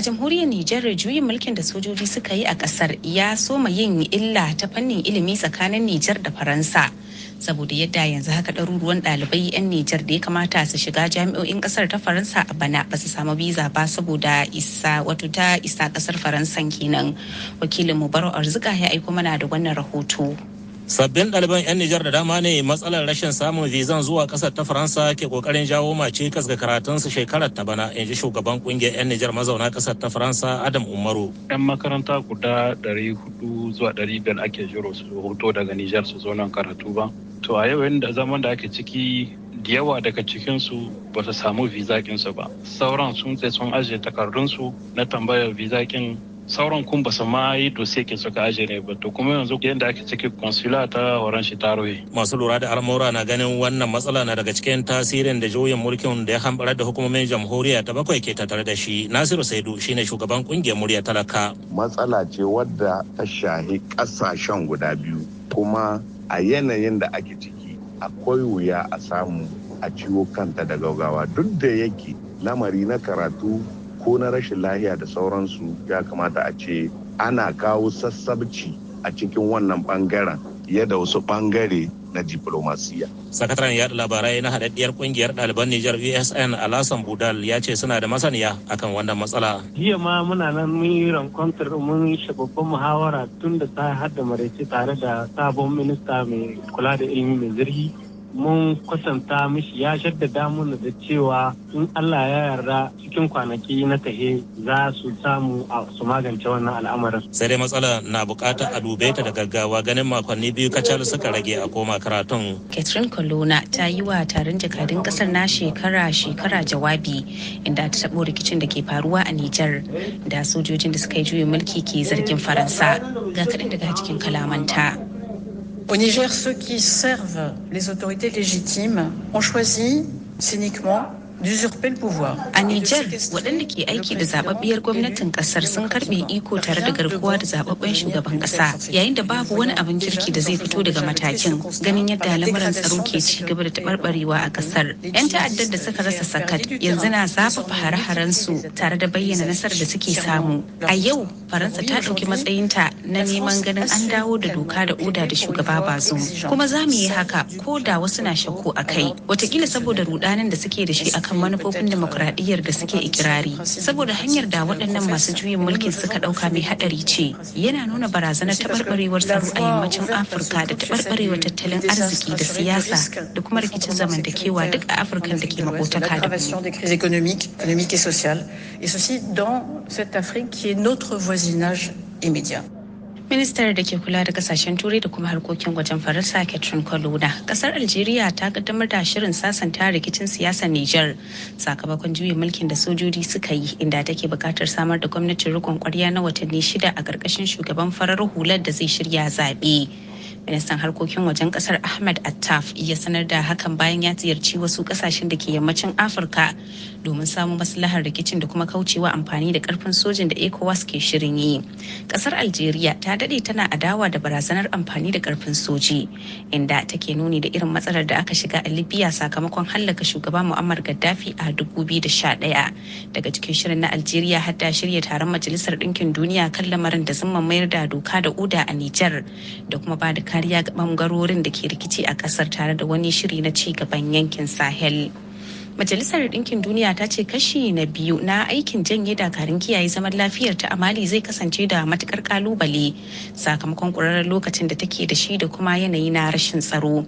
a jamhuriyar nijar juyin mulkin da sojoji suka yi a kasar ya soma yin illa ta fannin ilimi tsakanin nijar da faransa saboda yadda yanzu haka ɗaruruwan ɗalibai 'yan nijar da ya kamata su shiga jami'o'in kasar ta faransa a bana ba su samu biza ba saboda isa wato ta isa kasar faransan kenan wakilin mu barau arzika ya aiko mana da wannan rahoto sabbin ɗaliban 'yan nijar da dama ne matsalar rashin samun vizan zuwa ƙasar ta faransa ke ƙoƙarin jawo mace karatun karatunsu shekarar ta bana in ji shugaban ƙungiyar 'yan nijar mazauna ƙasar ta faransa adam umaru 'yan makaranta guda 400 zuwa 500 ake jiro su hoto daga nijar su zo nan karatu ba to a yau da zaman da ake ciki da yawa daga cikinsu ba su samu visa ba sauran sun tsaye sun ajiye takardunsu na tambayar visa sauran kun ba su ma yi dosiye ke suka aje ne ba to kuma yanzu yadda ake ciki consular ta horon shi taroye masu lura da al'amura na ganin wannan matsala na daga cikin tasirin da juyin mulkin da ya hambarar da hukumomin jamhuriya ta bakwai ke tattare da shi nasiru saidu shine shugaban kungiyar murya talaka matsala ce wadda ta shahi kasashen guda biyu kuma a yanayin da ake ciki akwai wuya a samu a ciwo kanta da gaugawa duk da yake lamari na karatu ko na rashin lahiya da sauransu ya kamata a ce ana kawo sassabci a cikin wannan bangaren yadda wasu bangare na diplomasiya. Sakataren yaɗa labarai na haɗaɗɗiyar ƙungiyar ɗaliban Nijar USN Alasan Budal ya ce suna da masaniya akan wannan matsala. Jiya ma muna nan mun yi rankontar mun yi shababban muhawara tun da ta hada maraice tare da sabon minista mai kula da ilimi mai zirgi mun kwatanta mishi ya shaddada mana da cewa in Allah ya yarda cikin kwanaki na tahe za su samu a su magance wannan al'amarin. Sai dai matsala na bukatar a dube ta da gaggawa ganin makonni biyu kacal suka rage a koma karatun. Catherine Colonna ta yi wa taron jakadun kasar na shekara-shekara jawabi inda ta taɓo rikicin da ke faruwa a Nijar da sojojin da suka yi juyin mulki ke zargin Faransa. Ga kaɗan daga cikin kalamanta. Au Niger, ceux qui servent les autorités légitimes ont choisi cyniquement A Nijar, waɗanda ke aiki da zababbiyar gwamnatin ƙasar sun karɓe iko tare da garkuwa da zababben shugaban ƙasa, yayin da babu wani abin kirki da zai fito daga matakin ganin yadda lamuran tsaro ke ci gaba da tabarbarewa a ƙasar. 'Yan ta'addar da suka rasa sakat yanzu na zafafa hare-haren su tare da bayyana nasarar da suke samu. A yau, Faransa ta ɗauki matsayinta na neman ganin an dawo da doka da oda da shugaba zo. Kuma za mu yi haka ko da wasu na shakku a kai, wataƙila saboda rudanin da suke da shi a kan manufofin demokuraɗiyyar da suke ikirari saboda hanyar da waɗannan masu juyin mulkin suka ɗauka mai haɗari ce yana nuna barazanar taɓarɓarewar tsaro a yammacin afirka da taɓarɓarewar tattalin arziki da siyasa da kuma rikicin zamantakewa duk a afirka da ke makotaka da mu. ministar da ke kula da kasashen turai da kuma harkokin wajen faransa catherine colonna kasar algeria ta kaddamar da shirin sasanta rikicin siyasar niger sakamakon juyin mulkin da sojoji suka yi inda take bukatar samar da gwamnatin rikon kwarya na watanni shida a karkashin shugaban farar hular da zai shirya zaɓe ministan harkokin wajen kasar ahmed attaf ya sanar da hakan bayan ya ziyarci wasu kasashen da ke yammacin afirka domin samun maslahar rikicin da kuma kaucewa amfani da karfin sojin da ecowas ke shirin yi kasar algeria ta dade tana adawa da barazanar amfani da karfin soji inda take nuni da irin matsalar da aka shiga a libya sakamakon hallaka shugaba muammar gaddafi a 2011 daga cikin shirin na algeria har da shirya taron majalisar ɗinkin duniya kan lamarin da zumman mayar da doka da uda a nijar da kuma ba da kariya ga bangarorin da ke rikici a kasar tare da wani shiri na ci gaban yankin sahel Majalisar dinkin Duniya ta ce kashi na biyu na aikin janye dakarun kiyaye zaman lafiyar ta Mali zai kasance da matukar kalubale sakamakon ƙwararren lokacin da take da shi da kuma yanayi na rashin tsaro.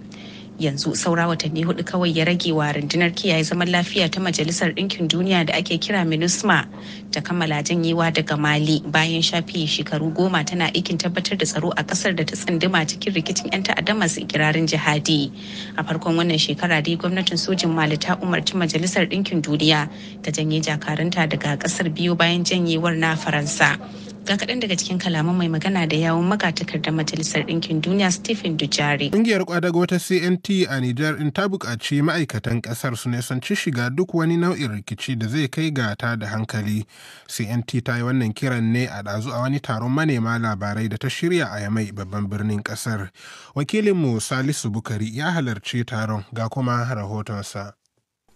yanzu saura watanni hudu kawai ya rage wa rundunar kiyaye zaman lafiya ta majalisar ɗinkin duniya da ake kira minisma ta kammala janyewa daga mali bayan shafi shekaru goma tana aikin tabbatar da tsaro a ƙasar da ta tsunduma cikin rikicin 'yan ta'adda masu ikirarin jihadi a farkon wannan shekara dai gwamnatin sojin mali ta umarci majalisar ɗinkin duniya ta janye jakaranta daga ƙasar biyu bayan janyewar na faransa ga kaɗan daga cikin kalaman mai magana da yawon magatakardar majalisar ɗinkin duniya stephen dujari ƙungiyar kwadago ta cnt a nijar in ta buƙaci ma'aikatan ƙasar su ci shiga duk wani nau'in rikici da zai kai ga ta da hankali cnt ta yi wannan kiran ne a ɗazu a wani taron manema labarai da ta shirya a yamai babban birnin ƙasar wakilinmu salisu bukari ya halarci taron ga kuma rahotonsa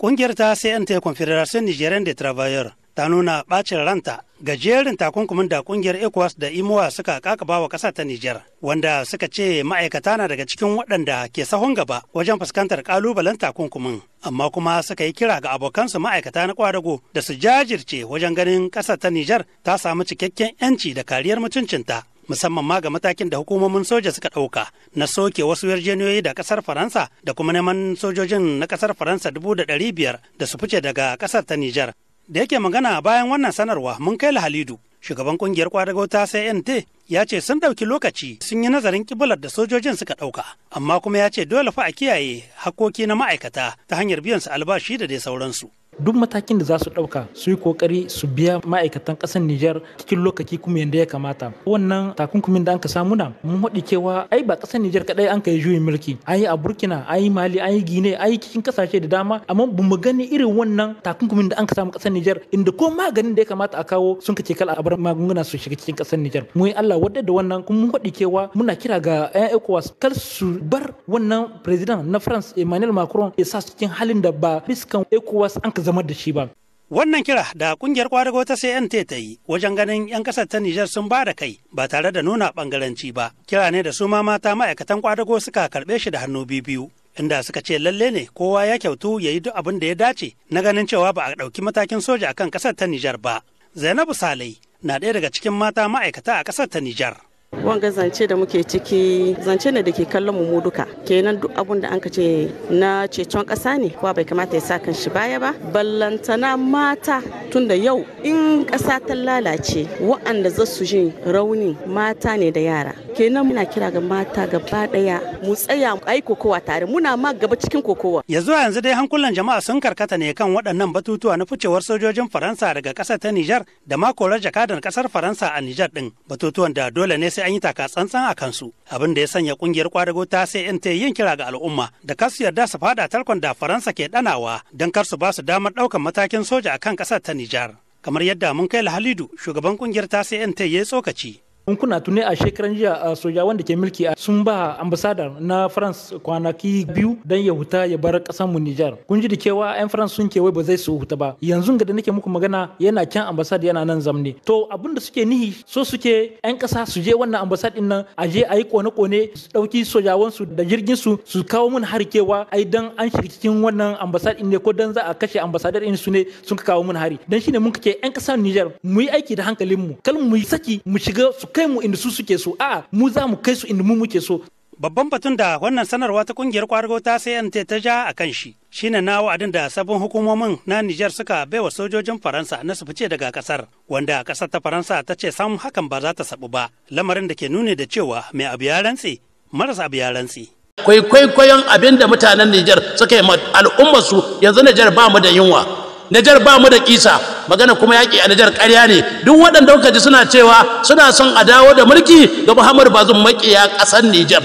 ƙungiyar ta cnt confederation nigerian de travailleurs ta nuna bacin ranta ga jerin takunkumin da kungiyar ecowas da imowa suka kakaba wa kasa ta nijar wanda suka ce ma'aikata na daga cikin waɗanda ke sahun gaba wajen fuskantar kalubalen takunkumin amma kuma suka yi kira ga abokansu ma'aikata na kwadago da su jajirce wajen ganin ƙasar ta nijar ta samu cikakken 'yanci da kariyar mutuncinta musamman ma ga matakin da hukumomin soja suka ɗauka na soke wasu yarjejeniyoyi da ƙasar faransa da kuma neman sojojin na ƙasar faransa dubu da ɗari biyar da su fice daga ƙasar ta nijar da yake magana bayan wannan sanarwa mun kai halidu shugaban kungiyar kwadago ta cnt ya ce sun ɗauki lokaci sun yi nazarin kibular da sojojin suka ɗauka amma kuma ya ce dole fa a kiyaye hakkoki na ma'aikata ta hanyar biyan su albashi da dai sauransu duk matakin da za su ɗauka su yi kokari su biya ma'aikatan ƙasar Nijar cikin lokaci kuma yadda ya kamata wannan takunkumin da anka samu na mun haɗi cewa ai ba ƙasar Nijar kaɗai an kai juyin mulki an yi a Burkina an yi Mali an yi Gine an yi cikin ƙasashe da dama amma ba mu gani irin wannan takunkumin da anka samu ƙasar Nijar inda ko maganin da ya kamata a kawo sun kace kala a bar magunguna su shiga cikin ƙasar Nijar mu yi Allah wadda da wannan kuma mun haɗi cewa muna kira ga 'yan ECOWAS kar su bar wannan president na France Emmanuel Macron ya sa cikin halin da ba biskan ECOWAS an ka zama da shi ba. Wannan kira da kungiyar kwadago ta CNT ta yi wajen ganin 'yan kasar ta Nijar sun ba da kai ba tare da nuna bangaranci ba. Kira ne da su ma mata ma'aikatan kwadago suka karɓe shi da hannu biyu. biyu Inda suka ce lalle ne kowa ya kyautu ya yi duk abin da ya dace na ganin cewa ba a ɗauki matakin soja akan kasar ta Nijar ba. Zainabu Salai na ɗaya daga cikin mata ma'aikata a kasar ta Nijar. wanga zance da muke ciki zance ne da ke kallon mu mu duka kenan duk abun da an ka ce na ceton ƙasa ne kuma bai kamata ya sa kan shi baya ba ballantana mata tunda yau in kasa ta lalace wa'anda za su jin rauni mata ne da yara kenan muna kira ga mata gaba daya mu tsaya ai kokowa tare muna ma gaba cikin kokowa yanzu yanzu dai hankulan jama'a sun karkata ne kan waɗannan batutuwa na ficewar sojojin faransa daga ƙasar ta nijar da ma korar jakadar ƙasar faransa a nijar din batutuwan da dole ne sai an yi taka tsantsan a kansu abin da ya sanya kungiyar kwadago ta sai CNT yin kira ga al'umma da kar su yarda su fada tarkon da Faransa ke danawa don kar su ba su damar daukan matakin soja akan kasar ta Nijar kamar yadda mun kai Halidu shugaban kungiyar ta CNT ya yi tsokaci in kuna tuni a shekaran jiya a soja wanda ke mulki a sun ba ambasadar na france kwanaki biyu dan ya huta ya bar kasar mu nijar kun ji da kewa yan france sun ke ba zai su huta ba yanzu ga da nake muku magana yana can ambasada yana nan zamne to abin da suke nihi so suke yan kasa su je wannan ambasad din nan a je a yi kone-kone su dauki sojawan su da jirgin su su kawo mun hari kewa ai dan an cikin wannan ambasad din ne ko dan za a kashe ambasadar din su ne sun kawo mun hari dan shine mun kake yan kasar nijar mu yi aiki da hankalin mu kalmu mu saki mu shiga su kai mu inda su suke so a mu za mu kai su inda mu muke so babban batun da wannan sanarwa ta kungiyar kwarigo ta sai CNT ta ja a kan shi shine na wa'adin da sabon hukumomin na Nijar suka bai wa sojojin Faransa na su fice daga kasar wanda kasar ta Faransa ta ce samun hakan ba za ta sabu ba lamarin da ke nuni da cewa mai abu ya rantse marasa abu ya rantse kwaikwayon abin da mutanen Nijar suka yi al'ummar su yanzu Nijar ba mu da yunwa Najar ba mu da kisa magana kuma yaki a Najar ƙarya ne duk waɗanda kuka ji suna cewa suna son a dawo da mulki ga Muhammadu Bazum makiya ƙasar Nijar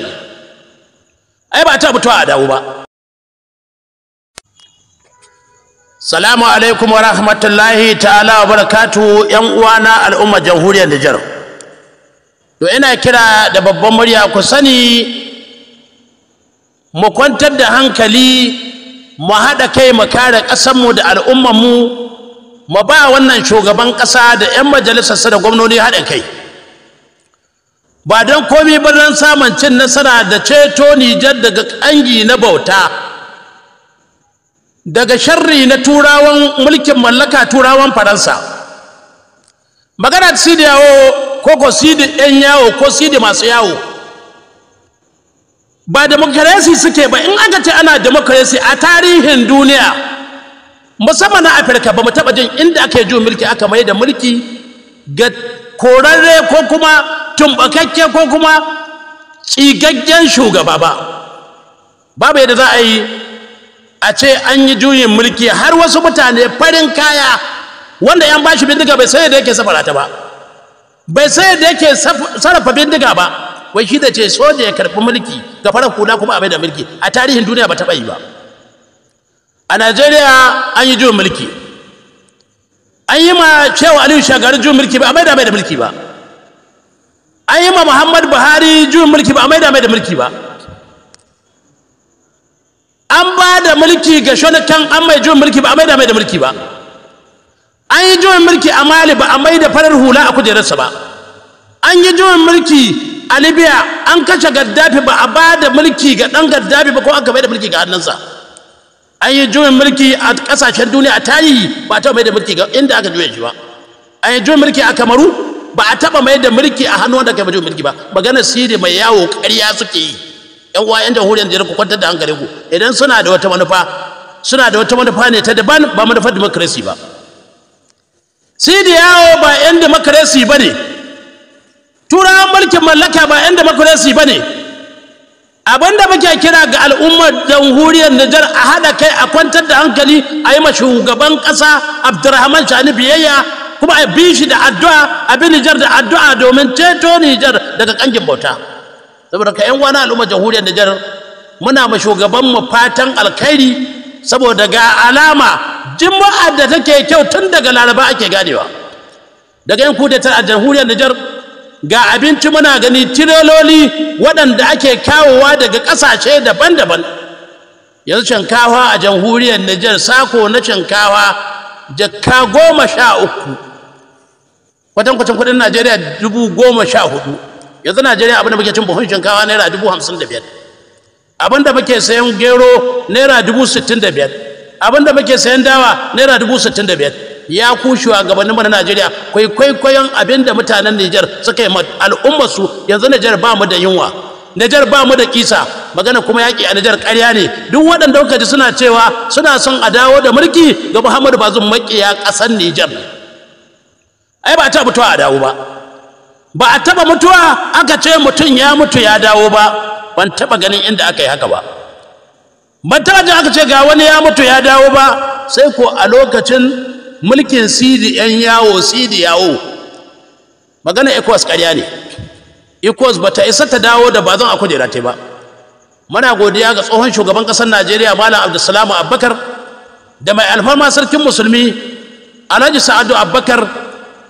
ai ba ta mutuwa a dawo ba Salamu alaikum wa rahmatullahi ta'ala wa barakatuhu ƴan uwana al'umma, jamhuriyar Nijar to ina kira da babban murya ku sani mu kwantar da hankali mu haɗa kai mu kare ƙasarmu da al'ummarmu mu ba wannan shugaban ƙasa da 'yan majalisarsa da gwamnoni haɗa kai ba don komi ba don samun cin nasara da ceto nijar daga ƙangi na bauta daga sharri na turawan mulkin mallaka turawan faransa magana sidi yawo ko ko sidi 'yan yawo ko sidi masu yawo ba demokarasi suke ba in aka ce ana demokarasi a tarihin duniya musamman na afirka ba mu taba jin inda ake ju mulki aka mai da mulki ga korarre ko kuma tumbakakke ko kuma tsigaggen shugaba ba babu yadda za a yi a ce an yi juyin mulki har wasu mutane farin kaya wanda yan bashi bindiga bai sai da yake safara ba bai sai da yake sarrafa bindiga ba wai shi da ce soja ya karɓi mulki ga farar hula kuma abai da mulki a tarihin duniya ba taɓa yi ba a najeriya an yi juyin mulki an yi ma cewa aliyu shagari juyin mulki ba amai da amai da mulki ba an yi ma muhammad buhari juyin mulki ba amai da amai da mulki ba an ba da mulki ga shonakan an mai juyin mulki ba amai da amai da mulki ba an yi juyin mulki a mali ba amai da farar hula a kujerarsa ba an yi juyin mulki a libya an kashe gaddafi ba a ba da mulki ga ɗan gaddafi ba ko aka bai da mulki ga annansa an yi juyin mulki a ƙasashen duniya a tarihi ba ta mai da mulki ga inda aka juya shi ba an yi juyin mulki a kamaru ba a taɓa mai da mulki a hannun wanda aka juyin mulki ba magana sirri mai yawo ƙarya suke yi yan uwa yan jamhuriyar da ku kwantar da hankali ku idan suna da wata manufa suna da wata manufa ne ta daban ba manufar democracy ba sirri yawo ba yan democracy ba ne turawan mulkin mallaka ba yan demokrasi ba ne abinda muke kira ga al'ummar jamhuriyar nijar a haɗa kai a kwantar da hankali a yi ma shugaban ƙasa abdurrahman shani biyayya kuma a bi shi da addu'a a bi nijar da addu'a domin ceto nijar daga ƙangin bauta saboda ka 'yan wani al'ummar jamhuriyar nijar muna ma shugaban mu fatan alkhairi saboda ga alama jima'ar da take kyau tun daga laraba ake ganewa daga yan kudetar a jamhuriyar nijar ga abinci muna gani tireloli waɗanda ake kyawowa daga ƙasashe daban-daban yanzu shinkawa a jamhuriyar Nijar sako na shinkawa jakka goma sha uku kwatankwacin kudin Najeriya dubu goma sha hudu yanzu Najeriya abinda muke cin buhun shinkawa naira dubu hamsin da biyar abinda muke sayan gero naira dubu sittin da biyar abinda muke sayan dawa naira dubu sittin da biyar ya ku shugabannin mu na Najeriya kai kwaikwayon abin da mutanen Niger suka yi al'ummar su yanzu Niger ba mu da yunwa Niger ba mu da kisa magana kuma yaki a Niger ƙarya ne duk waɗanda kuka ji suna cewa suna son a dawo da mulki ga Muhammadu Bazum makiya ƙasar Niger ai ba ta mutuwa a dawo ba ba a taba mutuwa aka ce mutum ya mutu ya dawo ba ban taba ganin inda aka yi haka ba ban taba jin aka ce ga wani ya mutu ya dawo ba sai ko a lokacin mulkin sidi yan yawo sidi yawo magana ecos ƙarya ne ecos ba ta isa ta dawo da ba zan a kujera ta ba muna godiya ga tsohon shugaban ƙasar najeriya malam abdulsalamu abubakar da mai alfarma sarkin musulmi alhaji sa'adu abubakar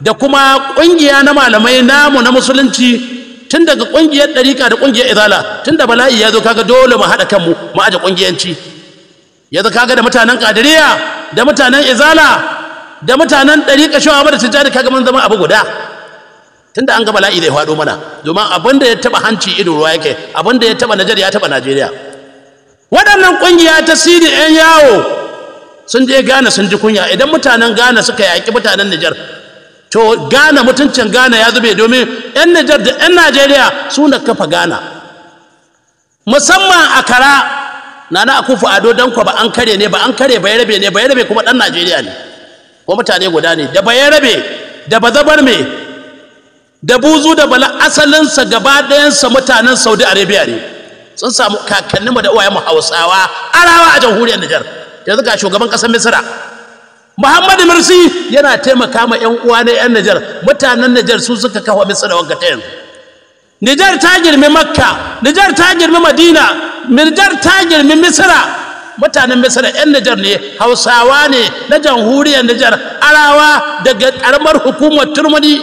da kuma ƙungiya na malamai namu na musulunci tun daga ƙungiyar ɗarika da ƙungiyar izala tun da bala'i ya zo kaga dole mu haɗa kanmu mu aje ƙungiyanci yanzu kaga da mutanen ƙadiriya da mutanen izala da mutanen ɗariƙa shawa da tijjani kaga mun zama abu guda tunda an ga bala'i ya faɗo mana domin abin da ya taɓa hanci ido ruwa yake abin da ya taɓa Nijar ya taɓa Najeriya waɗannan ƙungiya ta siri ƴan yawo sun je Ghana sun ji kunya idan mutanen Ghana suka yaƙi mutanen Nijar to Ghana mutuncin Ghana ya zube domin ƴan Nijar da ƴan Najeriya su na kafa Ghana musamman a kara nana akufu ado danko ba an kare ne ba an kare bai ne bai kuma ɗan Najeriya ne ko mutane guda ne da bayarabe da bazabar me da buzu da bala asalinsa gaba ɗayansa mutanen saudi arabia ne sun samu kakanninmu da uwayenmu hausawa arawa a jamhuriyar nijar yanzu ga shugaban ƙasar misira muhammadu mirsi yana taimaka ma ƴan uwa na ƴan nijar mutanen nijar su suka kafa misira wanka ta yanzu nijar ta girmi makka nijar ta girmi madina nijar ta girmi misira mutanen misira yan nijar ne hausawa ne na jamhuriyar nijar arawa daga karamar hukumar turmani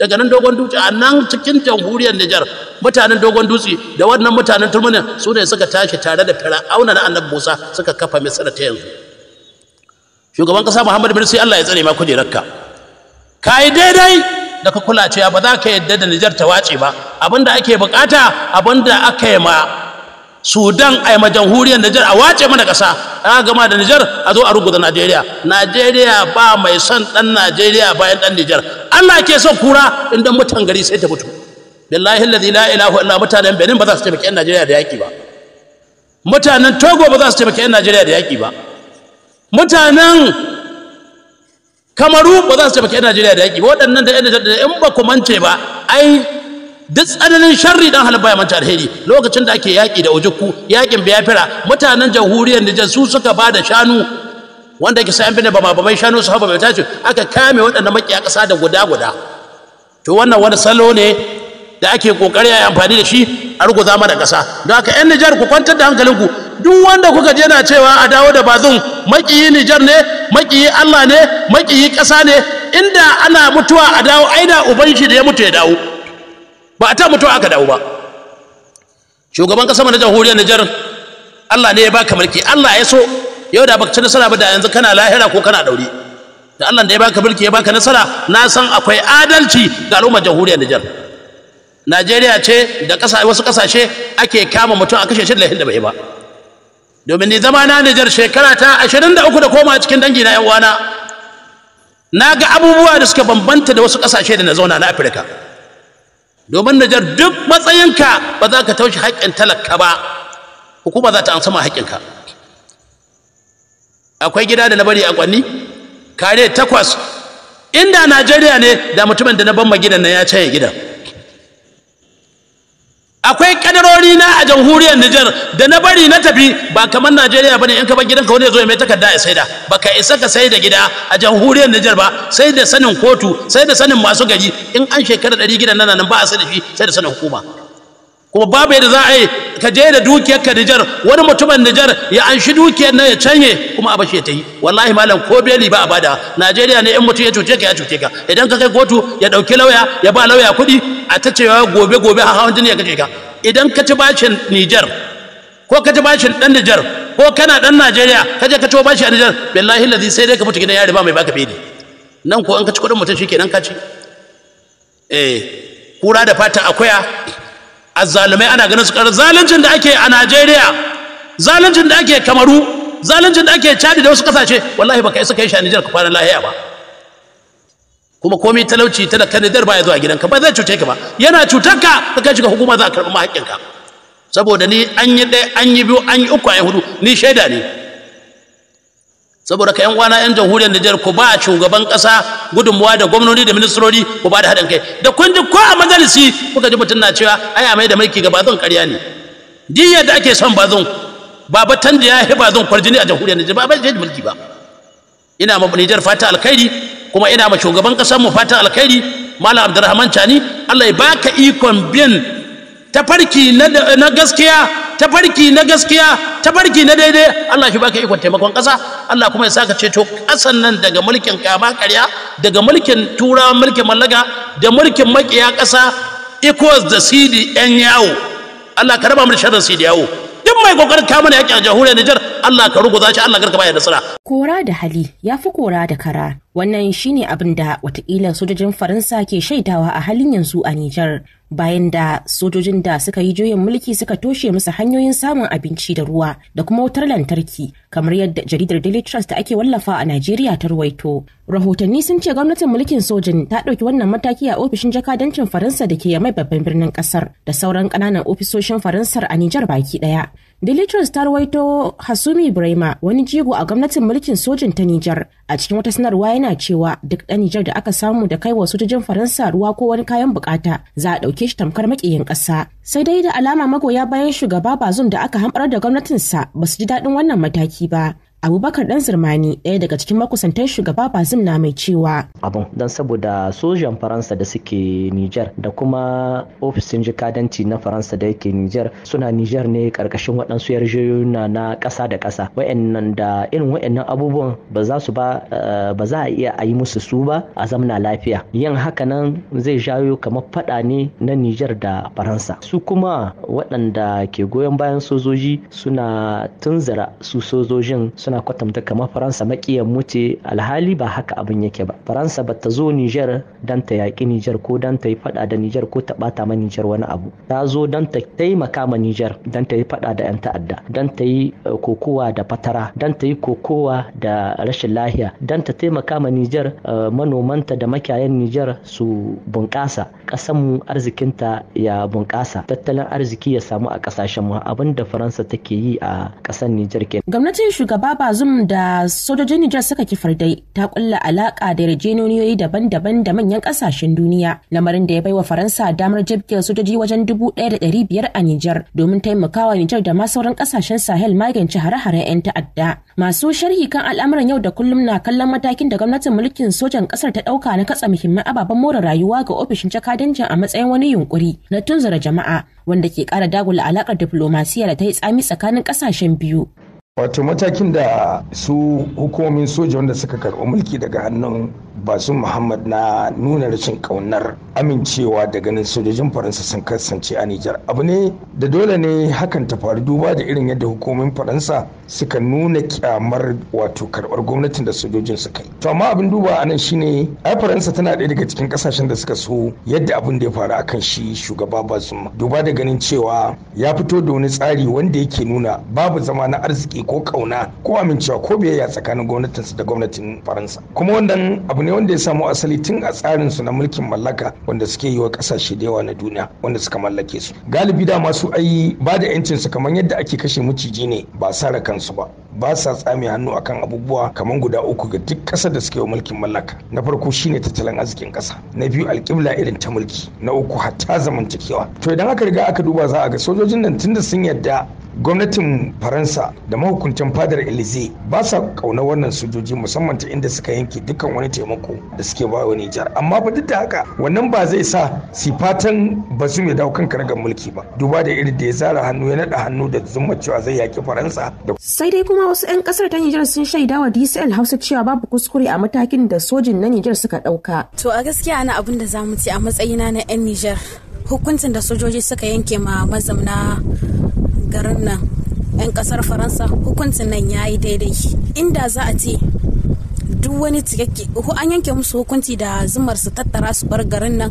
daga nan dogon dutse a nan cikin jamhuriyar nijar mutanen dogon dutse da wannan mutanen turmani su ne suka tashi tare da fir'auna da annabi musa suka kafa misira ta yanzu shugaban kasa muhammad bin sai allah ya tsare ma kujerarka ka yi daidai da ka kula cewa ba za ka yadda da Nijar ta wace ba abinda ake bukata abinda aka yi ma sudan a ma jamhuriyar nijar a wace mana ƙasa a gama da nijar a zo a rugu da najeriya najeriya ba mai son ɗan najeriya bayan ɗan nijar allah ke son kura inda mutan gari sai ta mutu billahi lalzi la ilahu illa mutanen benin ba za su taimaki yan najeriya da yaƙi ba mutanen togo ba za su taimaki yan najeriya da yaƙi ba mutanen kamaru ba za su taimaki yan najeriya da yaƙi ba waɗannan da yan najeriya in ba ku mance ba ai duk tsananin sharri dan halin ya manta alheri lokacin da ake yaƙi da ojukku yaƙin biyafira mutanen jamhuriyar Nijar su suka ba da shanu wanda ke sayan bane bama bamai shanu su haba bai tashi aka kame waɗanda maƙiya ƙasa da guda guda to wannan wani salo ne da ake kokari ayi amfani da shi a ruguza mana ƙasa don haka ƴan Nijar ku kwantar da hankalinku duk wanda kuka je yana cewa a dawo da bazun makiyi Nijar ne Maƙiyi Allah ne makiyi ƙasa ne inda ana mutuwa a dawo ai da da ya mutu ya dawo ba a ta mutuwa aka dawo ba shugaban kasar na jamhuriyar Nijar Allah ne ya baka mulki Allah ya so yau da baka ci nasara ba da yanzu kana lahira ko kana daure da Allah da ya baka mulki ya baka nasara na san akwai adalci ga al'ummar jamhuriyar Nijar Najeriya ce da kasa wasu kasashe ake kama mutum a kashe shi da bai ba domin ni zama na Nijar shekara ta 23 da koma cikin dangi na yan uwana na ga abubuwa da suka bambanta da wasu kasashe da na zauna na Afirka domin Najar duk matsayinka ba za ka taushe haƙƙin talaka ba hukuma za ta an sama haƙƙinka akwai gida da na bari a kwanni kare takwas inda Najeriya ne da mutumin da na ban gidan na ya caye gidan akwai kadarori na a jamhuriyar Nijar da na bari na tafi ba kamar Najeriya bane in ka bar gidanka wani zai zo ya mai takarda ya saida baka isa ka saida gida a jamhuriyar Nijar ba sai da sanin kotu sai da sanin masu gari in an shekara 100 gidan nan nan ba a da shi sai da sanin hukuma kuma babu yadda za a yi ka je da dukiyar ka Nijar wani mutumin Nijar ya anshi dukiyar nan ya canye kuma a ya ta yi. wallahi malam ko beli ba a bada Najeriya ne in mutum ya cuce ka ya cuce ka idan ka kai kotu ya dauki lauya ya ba lauya kuɗi a ta cewa gobe gobe har hawan jini ya kace ka idan ka ci bashin Nijar ko ka ci bashin dan Nijar ko kana dan Najeriya ka je ka ci bashi a Nijar billahi lazi sai dai ka mutu gidan yari ba mai baka beli nan ko an ka ci kuɗin mutum kenan ka ci eh kura da fata akwaya. azzalumai ana ganin su karar zaluncin da ake a Najeriya zaluncin da ake Kamaru zaluncin da ake Chad da wasu kasashe wallahi baka isa kai shi a Niger ka fara lahiya ba kuma komai talauci ta da kanidar ba ya zuwa gidanka ba zai cuce ka ba yana cutar ka ka kai shiga hukuma za a karɓi ma haƙƙinka saboda ni an yi ɗaya an yi biyu an yi uku an yi hudu ni shaida ne saboda ka yan uwana yan jamhuriyar Nijar ku ba shugaban kasa gudunmuwa da gwamnoni da ministrori ku ba da haɗin kai da kun ji ko a majalisi kuka ji mutum na cewa ai a mai da mulki ga bazon ƙarya ne diyar da ake son bazon baba tan ya yi bazon kwarjini a jamhuriyar Nijar ba bai je mulki ba ina ma Nijar fata alkhairi kuma ina ma shugaban kasar mu fata alkhairi Malam abdurrahman Chani Allah ya baka ikon bin tafarki na gaskiya Ta farki na gaskiya ta farki na daidai Allah shi baka ikon taimakon ƙasa Allah kuma ya saka ceto ƙasan nan daga mulkin kama ƙarya daga mulkin tura mulkin mallaka da mulkin makiya ƙasa equals the seed yan yawo Allah ka raba mu da sharrin seed yawo duk mai kokarin mana yaƙi a jahuriyar Nijar Allah ka ruguza shi Allah ka ba ya nasara kora da hali yafi kora da kara Wannan shine abin da watakila sojojin Faransa ke shaidawa a halin yanzu a Nijar bayan da sojojin da suka yi juyin mulki suka toshe musu hanyoyin samun abinci da ruwa da kuma wutar lantarki kamar yadda jaridar Daily Trust da ake wallafa a Najeriya ta ruwaito. Rahotanni sun ce gwamnatin mulkin sojin ta ɗauki wannan mataki a ofishin jakadancin Faransa da ke mai babban birnin ƙasar da sauran ƙananan ofisoshin Faransar a Nijar baki ɗaya. Daily Trust ta ruwaito Hasumi ibrahima wani jigo a gwamnatin mulkin sojin ta Nijar a cikin wata sanarwa yana cewa duk ɗan Nijar da aka samu da kai wasu jin Faransa ruwa ko wani kayan bukata za a ɗauke shi tamkar maƙiyin ƙasa. Sai dai da alama magoya bayan shugaba ba zum da aka hamɓar da gwamnatinsa ba su ji daɗin wannan mataki ba. abubakar dan zirmani ɗaya daga cikin makusantan shugaba bazum na mai cewa abun don saboda sojan faransa da suke Nijar, da kuma ofisin jikadanci na faransa da yake Nijar, suna Nijar ne karkashin waɗansu yarjejuna na ƙasa da ƙasa wa'annan da irin wa'annan abubuwan ba za su ba eh, ba za a iya yi musu su ba a zamna lafiya Yan haka nan zai jayo kamar faɗa ne na Nijar da faransa su kuma waɗanda ke goyon bayan sojoji suna tunzara su sojojin suna kwatanta kamar faransa makiyar mu ce alhali ba haka abin yake ba faransa ba ta zo nijar don ta yaƙi nijar ko don ta yi fada da nijar ko ta bata ma nijar wani abu ta zo dan ta taimaka ma nijar don ta yi fada da yan ta'adda dan ta yi eh, kokowa da fatara dan ta yi kokowa da rashin lahiya dan ta taimaka ma nijar eh, manomanta da makiyayen nijar su bunƙasa mu arzikinta ya bunƙasa tattalin arziki ya samu a ƙasashen mu abin da faransa take yi a ƙasar nijar ke gwamnatin shugaba bazum da sojojin Nijar suka kifar dai ta kulla alaka da yarjejeniyoyi daban-daban da manyan kasashen duniya lamarin da ya baiwa Faransa damar jibge sojoji wajen dubu ɗaya da ɗari biyar a Nijar domin taimakawa Nijar da ma sauran kasashen Sahel magance hare-haren 'yan ta'adda. Masu sharhi kan al'amuran yau da kullum na kallon matakin da gwamnatin mulkin sojan ƙasar ta ɗauka na katsa muhimman ababen more rayuwa ga ofishin jakadancin a matsayin wani yunkuri na tunzura jama'a wanda ke ƙara dagula alakar diflomasiyya da ta yi tsami tsakanin kasashen biyu. wato matakin da su hukumomin soja wanda suka karɓi mulki daga hannun basu muhammad na nuna rashin kaunar amincewa da ganin sojojin faransa sun kasance a nijar abu ne da dole ne hakan ta faru duba da irin yadda hukumomin faransa suka nuna kyamar wato karɓar gwamnatin da sojojin suka yi to amma abin duba a nan shine ai faransa tana ɗaya daga cikin ƙasashen da suka so yadda abin da ya faru akan shi shugaba basu duba da ganin cewa ya fito da wani tsari wanda yake nuna babu zama na arziki ko kauna ko amincewa ko biyayya tsakanin gwamnatinsu da gwamnatin faransa kuma wannan abu ne wanda ya samu asali tun a tsarin su na mulkin mallaka wanda suke yi wa kasashe da yawa na duniya wanda suka mallake su galibi da masu ai ba da yancin su kamar yadda ake kashe maciji ne ba sare kansu ba ba sa tsame hannu akan abubuwa kamar guda uku ga duk ƙasar da suke wa mulkin mallaka na farko shine tattalin arzikin ƙasa na biyu alƙibla irin ta mulki na uku hatta zamantakewa to idan aka riga aka duba za a ga sojojin nan tunda sun yadda gwamnatin faransa da mahukuntan fadar elize ba sa kauna wannan sojoji musamman ta inda suka yanke dukkan wani taimako da suke ba wa nijar amma ba duk da haka wannan ba zai sa sifatan su ya dawo kan karagar mulki ba duba da irin da ya zara hannu ya naɗa hannu da zuma cewa zai yaki faransa sai dai kuma wasu 'yan kasar ta nijar sun shaida wa dcl hausa cewa babu kuskure a matakin da sojin na nijar suka ɗauka to a gaskiya ana abin da za mu ci a matsayina na 'yan nijar hukuncin da sojoji suka yanke ma mazamna garin nan 'yan kasar faransa hukuncin nan ya yi daidai inda za a ce duk wani cikakke ko an yanke musu hukunci da zumar su tattara su bar garin nan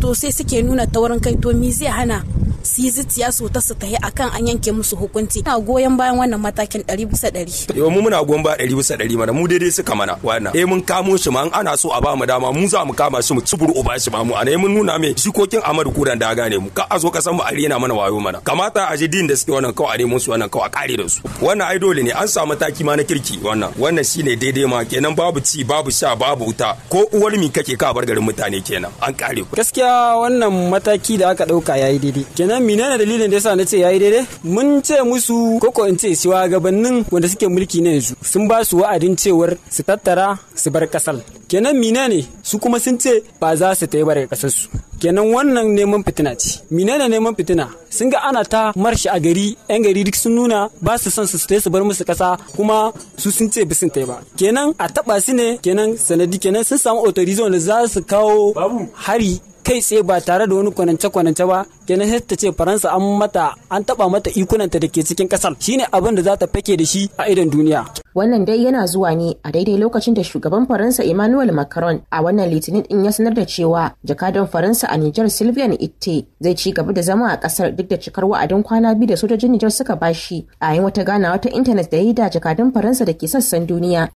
to sai suke nuna taurin kai to mi zai hana su yi zuciya ta su ta yi akan an yanke musu hukunci na goyon bayan wannan matakin ɗari bisa ɗari. yau mu muna goyon ba ɗari bisa ɗari mana mu daidai suka mana wannan eh mun kamo shi ma an ana so a ba mu dama mu za mu kama shi mu tsubur uba shi ma mu ana eh, mun nuna mai shikokin amadu kudan da gane mu ka a zo ka san mu a rena mana wayo mana kamata a ji din da suke wannan kawai a nemo su wannan kawai a kare da su wannan ai dole ne an samu mataki ma na kirki wannan wannan shine daidai ma kenan babu ci babu sha babu wuta ko uwar mi kake ka bar garin mutane kenan an kare ku gaskiya wannan mataki da aka dauka yayi daidai kenan kenan menene dalilin da yasa na ce yayi daidai mun ce musu koko in ce shugabannin wanda suke mulki ne yanzu sun ba su wa'adin cewar su tattara su bar kasal kenan menene su kuma sun ce ba za su ta yi bar kasar su kenan wannan neman fitina ce menene neman fitina sun ga ana ta marshi a gari yan gari duk sun nuna ba su son su tai su bar musu kasa kuma su sun ce bisin tai ba kenan a taba su ne kenan sanadi kenan sun samu otorizon da za su kawo hari kai tsaye ba tare da wani kwanance-kwanance ba kenan sai ta ce faransa an mata an taba mata ikunanta da ke cikin kasar shine abin da za ta fake da shi a idon duniya wannan dai yana zuwa ne a daidai lokacin da shugaban faransa emmanuel macron a wannan litinin din ya sanar da cewa jakadan faransa a niger sylvain itte zai ci gaba da zama a kasar duk da cikar wa'adin kwana biyu da sojojin niger suka bashi a yin wata ganawa ta intanet da ya yi da jakadan faransa da ke sassan duniya